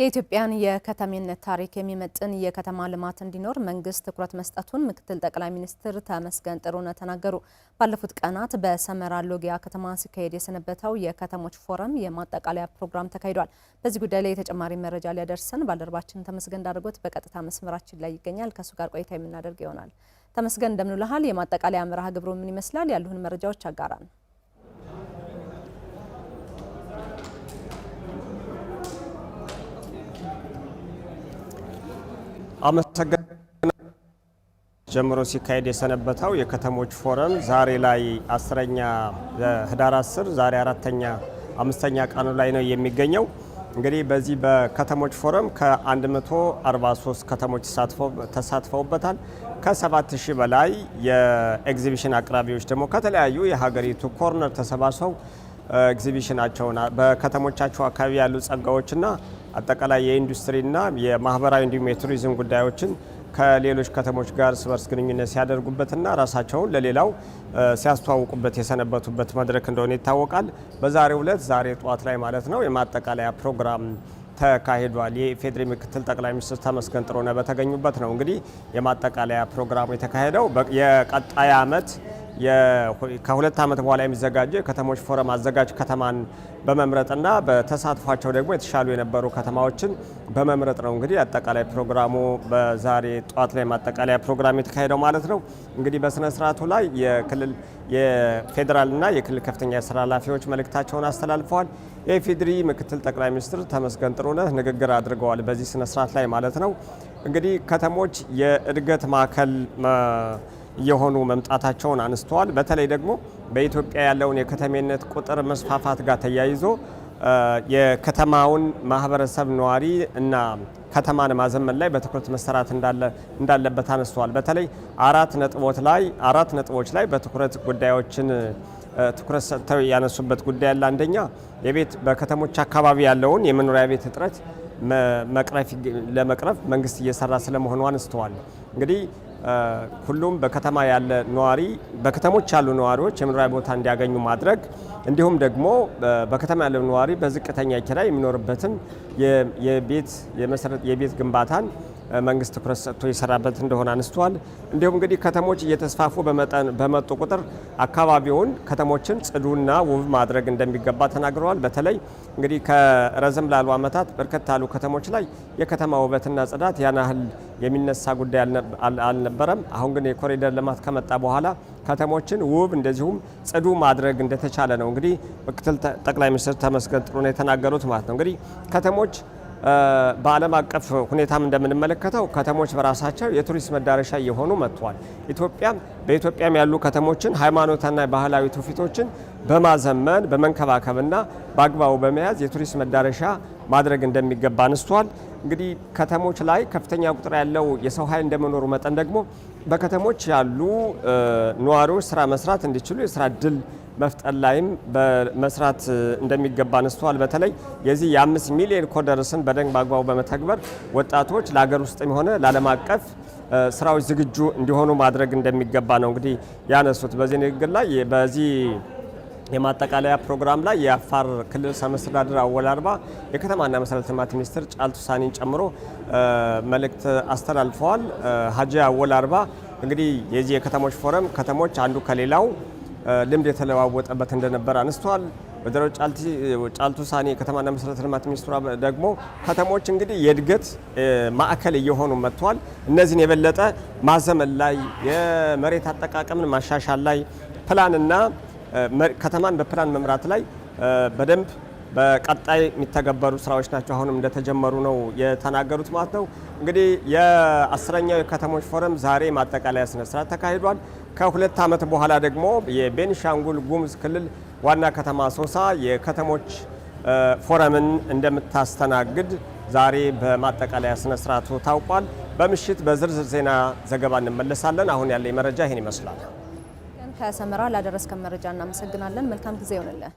የኢትዮጵያን የከተሜነት ታሪክ የሚመጥን የከተማ ልማት እንዲኖር መንግስት ትኩረት መስጠቱን ምክትል ጠቅላይ ሚኒስትር ተመስገን ጥሩነህ ተናገሩ። ባለፉት ቀናት በሰመራ ሎጊያ ከተማ ሲካሄድ የሰነበተው የከተሞች ፎረም የማጠቃለያ ፕሮግራም ተካሂዷል። በዚህ ጉዳይ ላይ የተጨማሪ መረጃ ሊያደርሰን ባልደረባችን ተመስገን ዳርጎት በቀጥታ መስመራችን ላይ ይገኛል። ከእሱ ጋር ቆይታ የምናደርግ ይሆናል። ተመስገን እንደምንልሃል። የማጠቃለያ መርሃ ግብሩ ምን ይመስላል? ያሉህን መረጃዎች ነው። አመሰግና ጀምሮ ሲካሄድ የሰነበተው የከተሞች ፎረም ዛሬ ላይ አስረኛ ህዳር 10 ዛሬ አራተኛ አምስተኛ ቀኑ ላይ ነው የሚገኘው። እንግዲህ በዚህ በከተሞች ፎረም ከ143 ከተሞች ተሳትፈውበታል። ከ7000 በላይ የኤግዚቢሽን አቅራቢዎች ደግሞ ከተለያዩ የሀገሪቱ ኮርነር ተሰባስበው ኤግዚቢሽናቸውን በከተሞቻቸው አካባቢ ያሉ ጸጋዎችና አጠቃላይ የኢንዱስትሪና የማህበራዊ እንዲሁም የቱሪዝም ጉዳዮችን ከሌሎች ከተሞች ጋር እርስ በርስ ግንኙነት ሲያደርጉበትና ራሳቸውን ለሌላው ሲያስተዋውቁበት የሰነበቱበት መድረክ እንደሆነ ይታወቃል። በዛሬው ዕለት ዛሬ ጠዋት ላይ ማለት ነው የማጠቃለያ ፕሮግራም ተካሂዷል። የኢፌዴሪ ምክትል ጠቅላይ ሚኒስትር ተመስገን ጥሩነህ በተገኙበት ነው እንግዲህ የማጠቃለያ ፕሮግራሙ የተካሄደው የቀጣይ ዓመት ከሁለት ዓመት በኋላ የሚዘጋጀው የከተሞች ፎረም አዘጋጅ ከተማን በመምረጥና በተሳትፏቸው ደግሞ የተሻሉ የነበሩ ከተማዎችን በመምረጥ ነው። እንግዲህ አጠቃላይ ፕሮግራሙ በዛሬ ጠዋት ላይ ማጠቃለያ ፕሮግራም የተካሄደው ማለት ነው። እንግዲህ በስነ ስርዓቱ ላይ የክልል የፌዴራልና የክልል ከፍተኛ የስራ ኃላፊዎች መልእክታቸውን አስተላልፈዋል። የኢፌዴሪ ምክትል ጠቅላይ ሚኒስትር ተመስገን ጥሩነህ ንግግር አድርገዋል። በዚህ ስነ ስርዓት ላይ ማለት ነው። እንግዲህ ከተሞች የእድገት ማዕከል እየሆኑ መምጣታቸውን አንስተዋል። በተለይ ደግሞ በኢትዮጵያ ያለውን የከተሜነት ቁጥር መስፋፋት ጋር ተያይዞ የከተማውን ማህበረሰብ ነዋሪ እና ከተማን ማዘመን ላይ በትኩረት መሰራት እንዳለበት አነስተዋል። በተለይ አራት ነጥቦች ላይ አራት ነጥቦች ላይ በትኩረት ጉዳዮችን ትኩረት ሰጥተው ያነሱበት ጉዳይ ያለ አንደኛ የቤት በከተሞች አካባቢ ያለውን የመኖሪያ ቤት እጥረት ለመቅረፍ መንግስት እየሰራ ስለመሆኑ አንስተዋል። እንግዲህ ሁሉም በከተማ ያለ ነዋሪ በከተሞች ያሉ ነዋሪዎች የመኖሪያ ቦታ እንዲያገኙ ማድረግ እንዲሁም ደግሞ በከተማ ያለው ነዋሪ በዝቅተኛ ኪራይ የሚኖርበትን የቤት ግንባታን መንግስት ትኩረት ሰጥቶ የሰራበት እንደሆነ አንስተዋል። እንዲሁም እንግዲህ ከተሞች እየተስፋፉ በመጡ ቁጥር አካባቢውን ከተሞችን ጽዱና ውብ ማድረግ እንደሚገባ ተናግረዋል። በተለይ እንግዲህ ከረዘም ላሉ ዓመታት በርከት ያሉ ከተሞች ላይ የከተማ ውበትና ጽዳት ያናህል የሚነሳ ጉዳይ አልነበረም። አሁን ግን የኮሪደር ልማት ከመጣ በኋላ ከተሞችን ውብ እንደዚሁም ጽዱ ማድረግ እንደተቻለ ነው እንግዲህ ምክትል ጠቅላይ ሚኒስትር ተመስገን ጥሩነህ የተናገሩት ማለት ነው። እንግዲህ ከተሞች በዓለም አቀፍ ሁኔታም እንደምንመለከተው ከተሞች በራሳቸው የቱሪስት መዳረሻ እየሆኑ መጥተዋል። ኢትዮጵያም በኢትዮጵያም ያሉ ከተሞችን ሃይማኖትና ባህላዊ ትውፊቶችን በማዘመን በመንከባከብና በአግባቡ በመያዝ የቱሪስት መዳረሻ ማድረግ እንደሚገባ አንስቷል። እንግዲህ ከተሞች ላይ ከፍተኛ ቁጥር ያለው የሰው ኃይል እንደመኖሩ መጠን ደግሞ በከተሞች ያሉ ነዋሪዎች ስራ መስራት እንዲችሉ የስራ እድል መፍጠር ላይም በመስራት እንደሚገባ አንስተዋል። በተለይ የዚህ የአምስት ሚሊዮን ኮደርስን በደንብ አግባቡ በመተግበር ወጣቶች ለሀገር ውስጥም ሆነ ለዓለም አቀፍ ስራዎች ዝግጁ እንዲሆኑ ማድረግ እንደሚገባ ነው እንግዲህ ያነሱት በዚህ ንግግር ላይ በዚህ የማጠቃለያ ፕሮግራም ላይ የአፋር ክልል ርዕሰ መስተዳድር አወል አርባ የከተማና መሰረተ ልማት ሚኒስትር ጫልቱ ሳኒን ጨምሮ መልእክት አስተላልፈዋል። ሀጂ አወል አርባ እንግዲህ የዚህ የከተሞች ፎረም ከተሞች አንዱ ከሌላው ልምድ የተለዋወጠበት እንደነበር አንስተዋል። ወይዘሮ ጫልቱ ሳኒ የከተማና መሰረተ ልማት ሚኒስትሯ ደግሞ ከተሞች እንግዲህ የእድገት ማዕከል እየሆኑ መጥተዋል። እነዚህን የበለጠ ማዘመን ላይ የመሬት አጠቃቀምን ማሻሻል ላይ ፕላንና ከተማን በፕላን መምራት ላይ በደንብ በቀጣይ የሚተገበሩ ስራዎች ናቸው። አሁንም እንደተጀመሩ ነው የተናገሩት ማለት ነው። እንግዲህ የአስረኛው የከተሞች ፎረም ዛሬ ማጠቃለያ ስነስርዓት ተካሂዷል። ከሁለት ዓመት በኋላ ደግሞ የቤንሻንጉል ጉሙዝ ክልል ዋና ከተማ ሶሳ የከተሞች ፎረምን እንደምታስተናግድ ዛሬ በማጠቃለያ ስነስርዓቱ ታውቋል። በምሽት በዝርዝር ዜና ዘገባ እንመለሳለን። አሁን ያለ መረጃ ይህን ይመስላል። ከሰመራ ላደረስከን መረጃ እናመሰግናለን። መልካም ጊዜ ይሆንልን።